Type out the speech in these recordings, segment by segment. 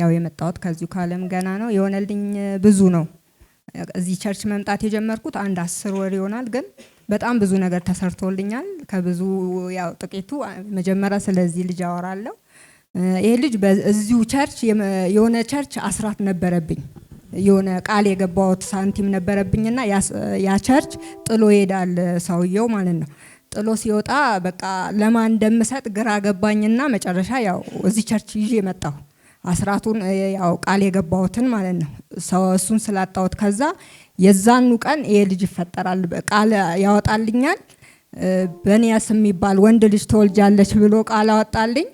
ያው የመጣሁት ከዚሁ ከዓለም ገና ነው። የሆነልኝ ብዙ ነው። እዚህ ቸርች መምጣት የጀመርኩት አንድ አስር ወር ይሆናል። ግን በጣም ብዙ ነገር ተሰርቶልኛል። ከብዙ ያው ጥቂቱ መጀመሪያ ስለዚህ ልጅ አወራለሁ። ይሄ ልጅ እዚሁ ቸርች የሆነ ቸርች አስራት ነበረብኝ የሆነ ቃል የገባሁት ሳንቲም ነበረብኝና ያ ቸርች ጥሎ ይሄዳል ሰውየው ማለት ነው። ጥሎ ሲወጣ በቃ ለማን እንደምሰጥ ግራ ገባኝና መጨረሻ ያው እዚህ ቸርች ይዤ መጣሁ። አስራቱን ያው ቃል የገባሁትን ማለት ነው እሱን ስላጣሁት ከዛ የዛኑ ቀን ይሄ ልጅ ይፈጠራል ቃል ያወጣልኛል በንያስ የሚባል ወንድ ልጅ ትወልጃለች ብሎ ቃል አወጣልኝ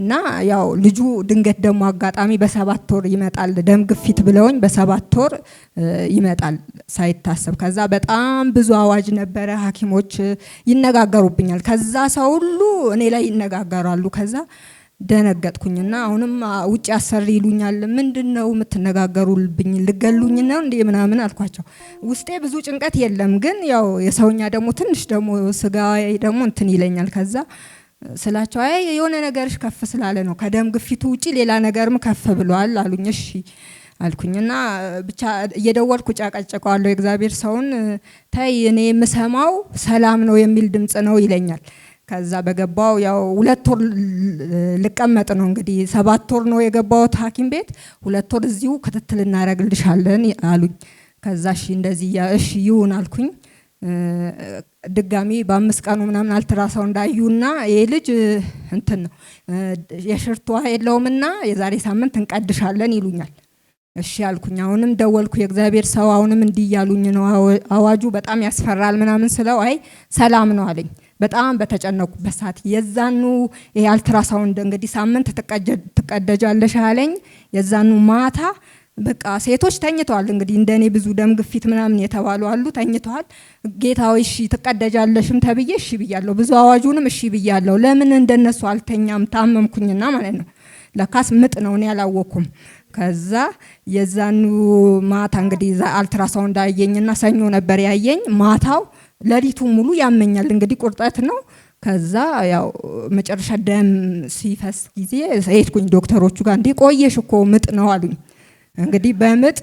እና ያው ልጁ ድንገት ደግሞ አጋጣሚ በሰባት ወር ይመጣል። ደም ግፊት ብለውኝ በሰባት ወር ይመጣል ሳይታሰብ። ከዛ በጣም ብዙ አዋጅ ነበረ፣ ሀኪሞች ይነጋገሩብኛል። ከዛ ሰው ሁሉ እኔ ላይ ይነጋገራሉ። ከዛ ደነገጥኩኝና አሁንም ውጭ አሰሪ ይሉኛል። ምንድን ነው የምትነጋገሩልብኝ? ልገሉኝ ነው እንዴ ምናምን አልኳቸው። ውስጤ ብዙ ጭንቀት የለም፣ ግን ያው የሰውኛ ደግሞ ትንሽ ደግሞ ስጋ ደግሞ እንትን ይለኛል። ከዛ ስላቸው አይ የሆነ ነገርሽ ከፍ ስላለ ነው ከደም ግፊቱ ውጪ ሌላ ነገርም ከፍ ብሏል አሉኝ። እሺ አልኩኝና ብቻ እየደወልኩ ጫቀጨቀዋለሁ። የእግዚአብሔር ሰውን ተይ፣ እኔ የምሰማው ሰላም ነው የሚል ድምፅ ነው ይለኛል። ከዛ በገባው ያው ሁለት ወር ልቀመጥ ነው እንግዲህ ሰባት ወር ነው የገባሁት ሐኪም ቤት ሁለት ወር እዚሁ ክትትል እናደርግልሻለን አሉኝ። ከዛ እሺ እንደዚህ እሺ ይሁን አልኩኝ። ድጋሚ በአምስት ቀኑ ምናምን አልትራሳው እንዳዩና ይሄ ልጅ እንትን ነው የሽርቷ የለውምና የዛሬ ሳምንት እንቀድሻለን ይሉኛል። እሺ አልኩኝ። አሁንም ደወልኩ የእግዚአብሔር ሰው አሁንም እንዲህ እያሉኝ ነው አዋጁ በጣም ያስፈራል ምናምን ስለው አይ ሰላም ነው አለኝ። በጣም በተጨነቁበት ሰዓት የዛኑ የአልትራሳውንድ እንግዲህ ሳምንት ትቀደጃለሽ አለኝ። የዛኑ ማታ በቃ ሴቶች ተኝተዋል። እንግዲህ እንደኔ ብዙ ደም ግፊት ምናምን የተባሉ አሉ ተኝተዋል። ጌታዊ እሺ ትቀደጃለሽም ተብዬ እሺ ብያለሁ። ብዙ አዋጁንም እሺ ብያለሁ። ለምን እንደነሱ አልተኛም? ታመምኩኝና ማለት ነው። ለካስ ምጥ ነው፣ እኔ አላወኩም። ከዛ የዛኑ ማታ እንግዲህ አልትራሳውንድ አየኝና ሰኞ ነበር ያየኝ ማታው ለሊቱ ሙሉ ያመኛል። እንግዲህ ቁርጠት ነው። ከዛ ያው መጨረሻ ደም ሲፈስ ጊዜ ሄድኩኝ ዶክተሮቹ ጋር እንዲህ ቆየሽ እኮ ምጥ ነው አሉኝ። እንግዲህ በምጥ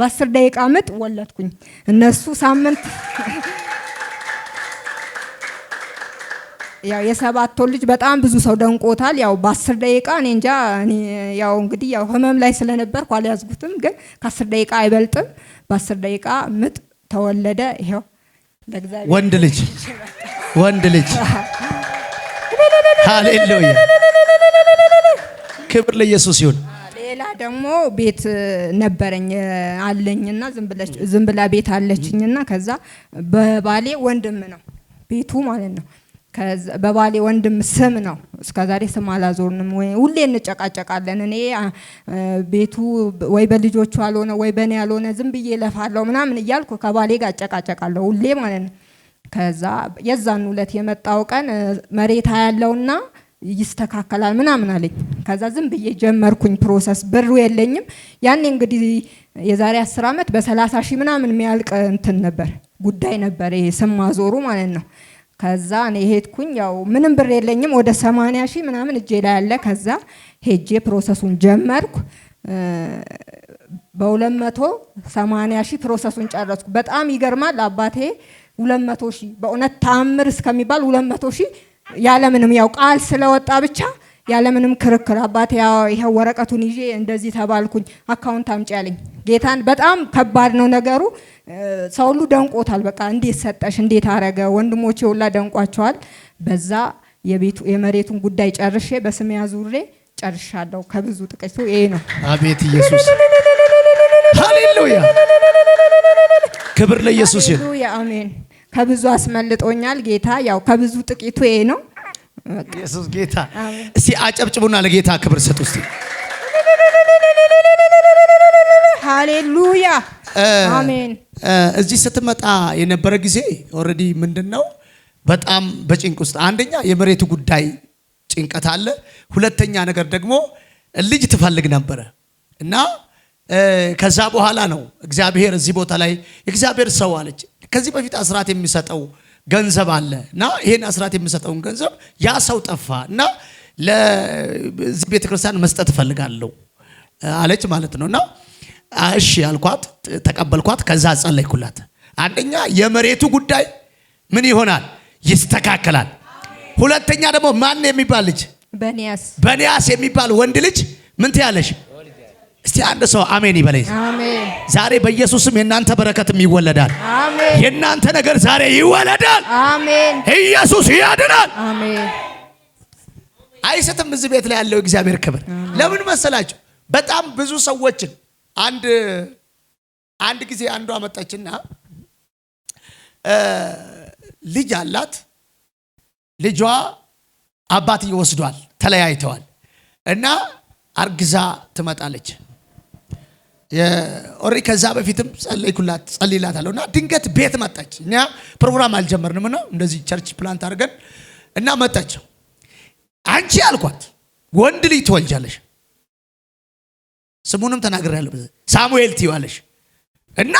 በአስር ደቂቃ ምጥ ወለድኩኝ። እነሱ ሳምንት ያው የሰባት ወር ልጅ በጣም ብዙ ሰው ደንቆታል። ያው በአስር ደቂቃ እኔ እንጃ ያው እንግዲህ ያው ህመም ላይ ስለነበርኩ አልያዝኩትም፣ ግን ከአስር ደቂቃ አይበልጥም። በአስር ደቂቃ ምጥ ተወለደ ይኸው ወንድ ልጅ ወንድ ልጅ ሃሌሉያ ክብር ለኢየሱስ ይሁን። ሌላ ደግሞ ቤት ነበረኝ አለኝና ዝም ብላ ቤት አለችኝና ከዛ በባሌ ወንድም ነው ቤቱ ማለት ነው በባሌ ወንድም ስም ነው። እስከዛሬ ስም አላዞርንም። ሁሌ እንጨቃጨቃለን። እኔ ቤቱ ወይ በልጆቹ አልሆነ ወይ በእኔ ያልሆነ ዝም ብዬ ለፋለው ምናምን እያልኩ ከባሌ ጋር እጨቃጨቃለሁ ሁሌ ማለት ነው። ከዛ የዛን ሁለት የመጣው ቀን መሬት ያለውና ይስተካከላል ምናምን አለኝ። ከዛ ዝም ብዬ ጀመርኩኝ ፕሮሰስ። ብሩ የለኝም ያኔ እንግዲህ የዛሬ አስር ዓመት በሰላሳ ሺህ ምናምን የሚያልቅ እንትን ነበር ጉዳይ ነበር ይሄ ስም ማዞሩ ማለት ነው። ከዛ እኔ ሄድኩኝ። ያው ምንም ብር የለኝም ወደ 80 ሺህ ምናምን እጄ ላይ ያለ። ከዛ ሄጄ ፕሮሰሱን ጀመርኩ። በ በ280 ሺህ ፕሮሰሱን ጨረስኩ። በጣም ይገርማል አባቴ 200 መቶ ሺህ በእውነት ታምር እስከሚባል 200 መቶ ሺህ ያለምንም ያው ቃል ስለወጣ ብቻ ያለምንም ክርክር አባቴ ይኸው ወረቀቱን ይዤ እንደዚህ ተባልኩኝ። አካውንት አምጪ ያለኝ ጌታን። በጣም ከባድ ነው ነገሩ። ሰው ሁሉ ደንቆታል። በቃ እንዴት ሰጠሽ፣ እንዴት አረገ፣ ወንድሞቼ ሁላ ደንቋቸዋል። በዛ የቤቱ የመሬቱን ጉዳይ ጨርሼ በስሜ አዙሬ ጨርሻለሁ። ከብዙ ጥቂቱ ይሄ ነው። አቤት ኢየሱስ፣ ሃሌሉያ፣ ክብር ለኢየሱስ ይሁን። አሜን። ከብዙ አስመልጦኛል ጌታ። ያው ከብዙ ጥቂቱ ይሄ ነው። ኢየሱስ ጌታ። እስቲ አጨብጭቡና ለጌታ ክብር ስጡ። እስቲ ሃሌሉያ እዚህ ስትመጣ የነበረ ጊዜ ኦልሬዲ ምንድን ነው በጣም በጭንቅ ውስጥ አንደኛ የመሬቱ ጉዳይ ጭንቀት አለ። ሁለተኛ ነገር ደግሞ ልጅ ትፈልግ ነበረ እና ከዛ በኋላ ነው እግዚአብሔር እዚህ ቦታ ላይ እግዚአብሔር ሰው አለች። ከዚህ በፊት አስራት የሚሰጠው ገንዘብ አለ እና ይሄን አስራት የሚሰጠውን ገንዘብ ያ ሰው ጠፋ እና ለዚህ ቤተክርስቲያን መስጠት እፈልጋለሁ አለች ማለት ነው እና እሺ ያልኳት ተቀበልኳት። ከዛ ጸለይኩላት። አንደኛ የመሬቱ ጉዳይ ምን ይሆናል ይስተካከላል። ሁለተኛ ደግሞ ማን የሚባል ልጅ በኒያስ የሚባል ወንድ ልጅ ምን ትያለሽ? እስቲ አንድ ሰው አሜን ይበለኝ። ዛሬ በኢየሱስም የእናንተ በረከትም ይወለዳል። የእናንተ ነገር ዛሬ ይወለዳል። ኢየሱስ ያድናል። አይስትም። እዚህ ቤት ላይ ያለው እግዚአብሔር ክብር ለምን መሰላችሁ? በጣም ብዙ ሰዎችን አንድ አንድ ጊዜ አንዷ መጣችና ልጅ አላት። ልጇ አባትዬ ወስዷል፣ ተለያይተዋል እና አርግዛ ትመጣለች። ኦሪ ከዛ በፊትም ጸለይኩላት ጸልይላታለሁ እና ድንገት ቤት መጣች። እኛ ፕሮግራም አልጀመርንም ነው እንደዚህ ቸርች ፕላንት አድርገን እና መጣች። አንቺ አልኳት ወንድ ልጅ ትወልጃለሽ ስሙንም ተናግሬያለሁ። ሳሙኤል ትይዋለሽ እና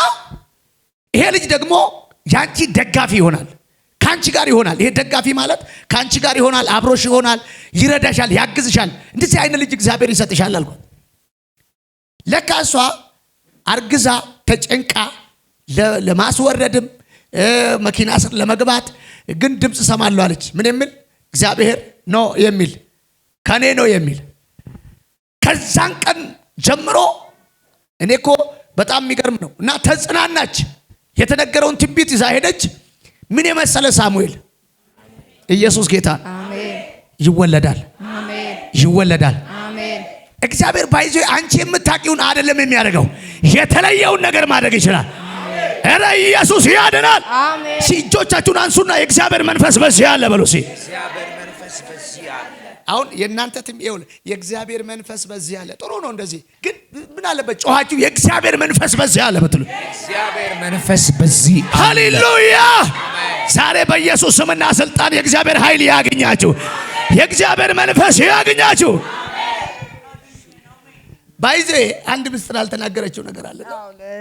ይሄ ልጅ ደግሞ ያንቺ ደጋፊ ይሆናል፣ ከአንቺ ጋር ይሆናል። ይሄ ደጋፊ ማለት ከአንቺ ጋር ይሆናል፣ አብሮሽ ይሆናል፣ ይረዳሻል፣ ያግዝሻል። እንደዚህ አይነት ልጅ እግዚአብሔር ይሰጥሻል አልኳት። ለካ እሷ አርግዛ ተጨንቃ ለማስወረድም መኪና ስር ለመግባት ግን ድምፅ ሰማለሁ አለች። ምን የሚል እግዚአብሔር ነው የሚል ከኔ ነው የሚል ከዛን ቀን ጀምሮ እኔ እኮ በጣም የሚገርም ነው። እና ተጽናናች፣ የተነገረውን ትንቢት ይዛ ሄደች። ምን የመሰለ ሳሙኤል ኢየሱስ ጌታ ይወለዳል፣ ይወለዳል። እግዚአብሔር ባይዞ አንቺ የምታውቂውን አይደለም የሚያደርገው፣ የተለየውን ነገር ማድረግ ይችላል። ረ ኢየሱስ ያድናል። እጆቻችሁን አንሱና የእግዚአብሔር መንፈስ በዚህ ያለ በሉ አሁን የእናንተትም ይሁን የእግዚአብሔር መንፈስ በዚህ አለ። ጥሩ ነው። እንደዚህ ግን ምን አለበት? ጮኋችሁ የእግዚአብሔር መንፈስ በዚህ አለ ብትሉ የእግዚአብሔር መንፈስ በዚህ ሃሌሉያ። ዛሬ በኢየሱስ ስምና ስልጣን የእግዚአብሔር ኃይል ያገኛችሁ፣ የእግዚአብሔር መንፈስ ያገኛችሁ። ባይዜ አንድ ምስጥር አልተናገረችው ነገር አለ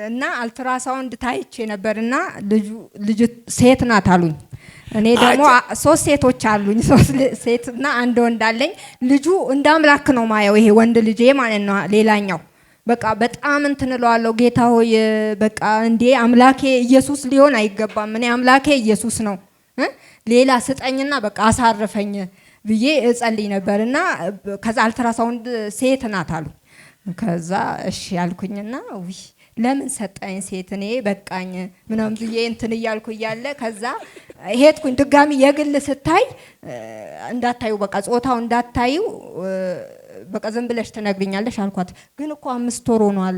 እና አልትራሳውንድ ታይቼ ነበርና ልጁ ሴት ናት አሉኝ እኔ ደግሞ ሶስት ሴቶች አሉኝ። ሶስት ሴት እና አንድ ወንድ አለኝ። ልጁ እንደ አምላክ ነው ማየው። ይሄ ወንድ ልጄ ማለት ነው። ሌላኛው በቃ በጣም እንትን እለዋለሁ፣ ጌታ ሆይ በቃ እንዴ አምላኬ ኢየሱስ ሊሆን አይገባም። እኔ አምላኬ ኢየሱስ ነው፣ ሌላ ስጠኝና በቃ አሳርፈኝ ብዬ እጸልይ ነበር እና ከዛ አልትራሳውንድ ሴት ናት አሉ። ከዛ እሺ ያልኩኝና ለምን ሰጠኝ ሴት እኔ በቃኝ ምናምን ብዬ እንትን እያልኩ እያለ ከዛ ሄድኩኝ ድጋሚ የግል ስታይ እንዳታዩ በቃ ጾታው እንዳታዩ በቃ ዝም ብለሽ ትነግርኛለሽ አልኳት። ግን እኮ አምስት ወር ሆኗል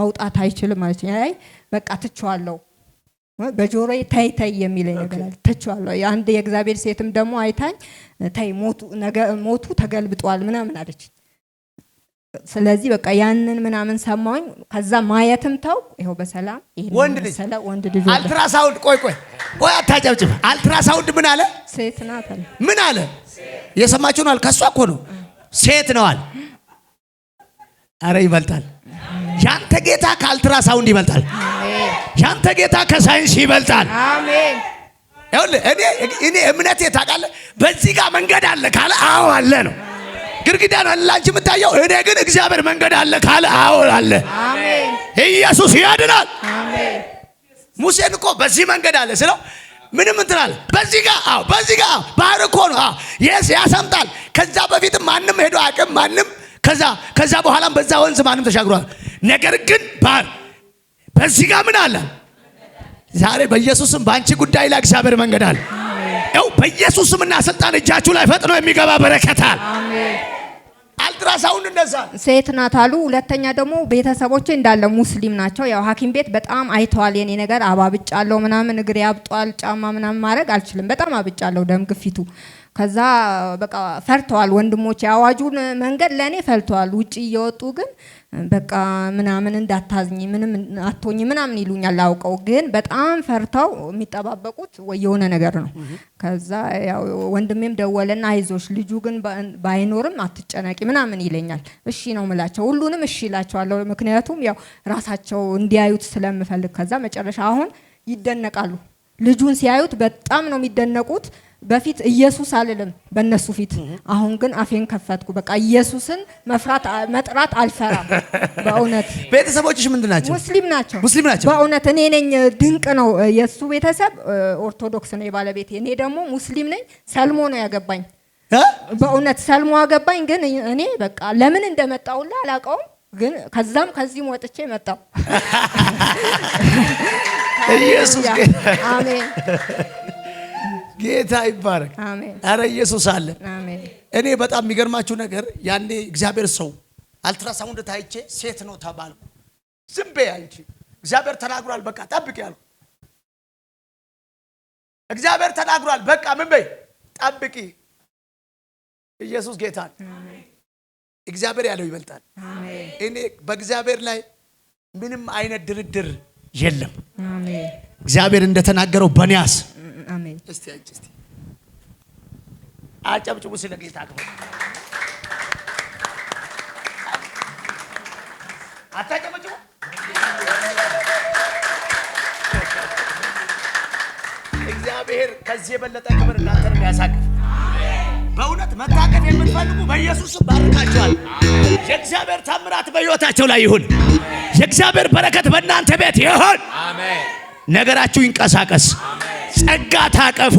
መውጣት አይችልም ማለት ይ በቃ ትችዋለሁ በጆሮ ተይ ተይ የሚለኝ ነገር ትችዋለሁ። አንድ የእግዚአብሔር ሴትም ደግሞ አይታኝ ተይ ሞቱ ተገልብጧል ምናምን አለች። ስለዚህ በቃ ያንን ምናምን ሰማኝ። ከዛ ማየትም ተው። ይኸው በሰላም ወንድ ልጅ ወንድ ልጅ አልትራሳውንድ ቆይ ቆይ ቆይ አታጨብጭብ። አልትራሳውንድ ምን አለ? ሴት ናት አለ። ምን አለ? የሰማችሁን አለ። ከሷ እኮ ነው ሴት ነው አለ። አረ ይበልጣል። ያንተ ጌታ ከአልትራሳውንድ ይበልጣል። ያንተ ጌታ ከሳይንስ ይበልጣል። አሜን። እኔ እምነቴ ታውቃለህ፣ በዚህ ጋር መንገድ አለ ካለ አዎ አለ ነው ግድግዳ ነው ላንቺ የምታየው። እኔ ግን እግዚአብሔር መንገድ አለ ካለ አወራለ። ኢየሱስ ያድናል። ሙሴን እኮ በዚህ መንገድ አለ ስለው ምንም እንትናል በዚህ ጋር አዎ፣ በዚህ ጋር ባህር እኮ ነው የስ ያሰምጣል። ከዛ በፊትም ማንም ሄዶ አቅም ማንም ከዛ ከዛ በኋላም በዛ ወንዝ ማንም ተሻግሯል። ነገር ግን ባህር በዚህ ጋር ምን አለ? ዛሬ በኢየሱስም በአንቺ ጉዳይ ላይ እግዚአብሔር መንገድ አለ። ይኸው በኢየሱስ ስምና ስልጣን እጃችሁ ላይ ፈጥኖ የሚገባ በረከታል። አልትራሳውንድ እንደዛ ሴት ናት አሉ። ሁለተኛ ደግሞ ቤተሰቦች እንዳለ ሙስሊም ናቸው። ያው ሐኪም ቤት በጣም አይተዋል። የኔ ነገር አባብጫለሁ ምናምን፣ እግሬ አብጧል። ጫማ ምናምን ማድረግ አልችልም። በጣም አብጫለሁ። ደም ግፊቱ ከዛ በቃ ፈርተዋል ወንድሞች፣ የአዋጁን መንገድ ለእኔ ፈልተዋል። ውጭ እየወጡ ግን በቃ ምናምን እንዳታዝኝ ምንም አቶኝ ምናምን ይሉኛል አውቀው፣ ግን በጣም ፈርተው የሚጠባበቁት የሆነ ነገር ነው። ከዛ ያው ወንድሜም ደወለና አይዞሽ ልጁ ግን ባይኖርም አትጨነቂ ምናምን ይለኛል። እሺ ነው ምላቸው፣ ሁሉንም እሺ ይላቸዋለሁ። ምክንያቱም ያው ራሳቸው እንዲያዩት ስለምፈልግ። ከዛ መጨረሻ አሁን ይደነቃሉ። ልጁን ሲያዩት በጣም ነው የሚደነቁት። በፊት ኢየሱስ አልልም በእነሱ ፊት። አሁን ግን አፌን ከፈትኩ። በቃ ኢየሱስን መፍራት መጥራት አልፈራም። በእውነት ቤተሰቦችሽ ምንድን ናቸው? ሙስሊም ናቸው። ሙስሊም ናቸው። በእውነት እኔ ነኝ። ድንቅ ነው። የእሱ ቤተሰብ ኦርቶዶክስ ነው የባለቤቴ። እኔ ደግሞ ሙስሊም ነኝ። ሰልሞ ነው ያገባኝ። በእውነት ሰልሞ አገባኝ። ግን እኔ በቃ ለምን እንደመጣውላ አላውቀውም። ግን ከዛም ከዚህም ወጥቼ መጣው። ኢየሱስ አሜን ጌታ ይባረክ። አረ ኢየሱስ አለ። እኔ በጣም የሚገርማችሁ ነገር ያኔ እግዚአብሔር ሰው አልትራሳውንድ ታይቼ ሴት ነው ተባል። ዝም በይ አንቺ እግዚአብሔር ተናግሯል፣ በቃ ጠብቅ ያልኩ። እግዚአብሔር ተናግሯል፣ በቃ ምን በይ ጠብቂ። ኢየሱስ ጌታ እግዚአብሔር ያለው ይበልጣል። እኔ በእግዚአብሔር ላይ ምንም አይነት ድርድር የለም። እግዚአብሔር እንደተናገረው በንያስ አሜን። አጨብጭቡ ስለ ጌታ ክብር። እግዚአብሔር ከዚህ የበለጠ ክብር እናንተን ያሳቅፍ። በእውነት መታቀፍ የምትፈልጉ በኢየሱስ ባርካቸዋል። የእግዚአብሔር ታምራት በሕይወታቸው ላይ ይሁን። የእግዚአብሔር በረከት በእናንተ ቤት ይሁን። ነገራችሁ ይንቀሳቀስ። ጸጋ ታቀፉ